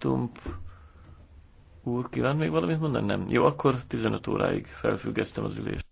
Tump úr kíván még valamit mondani? Nem. Jó, akkor 15 óráig felfüggesztem az ülést.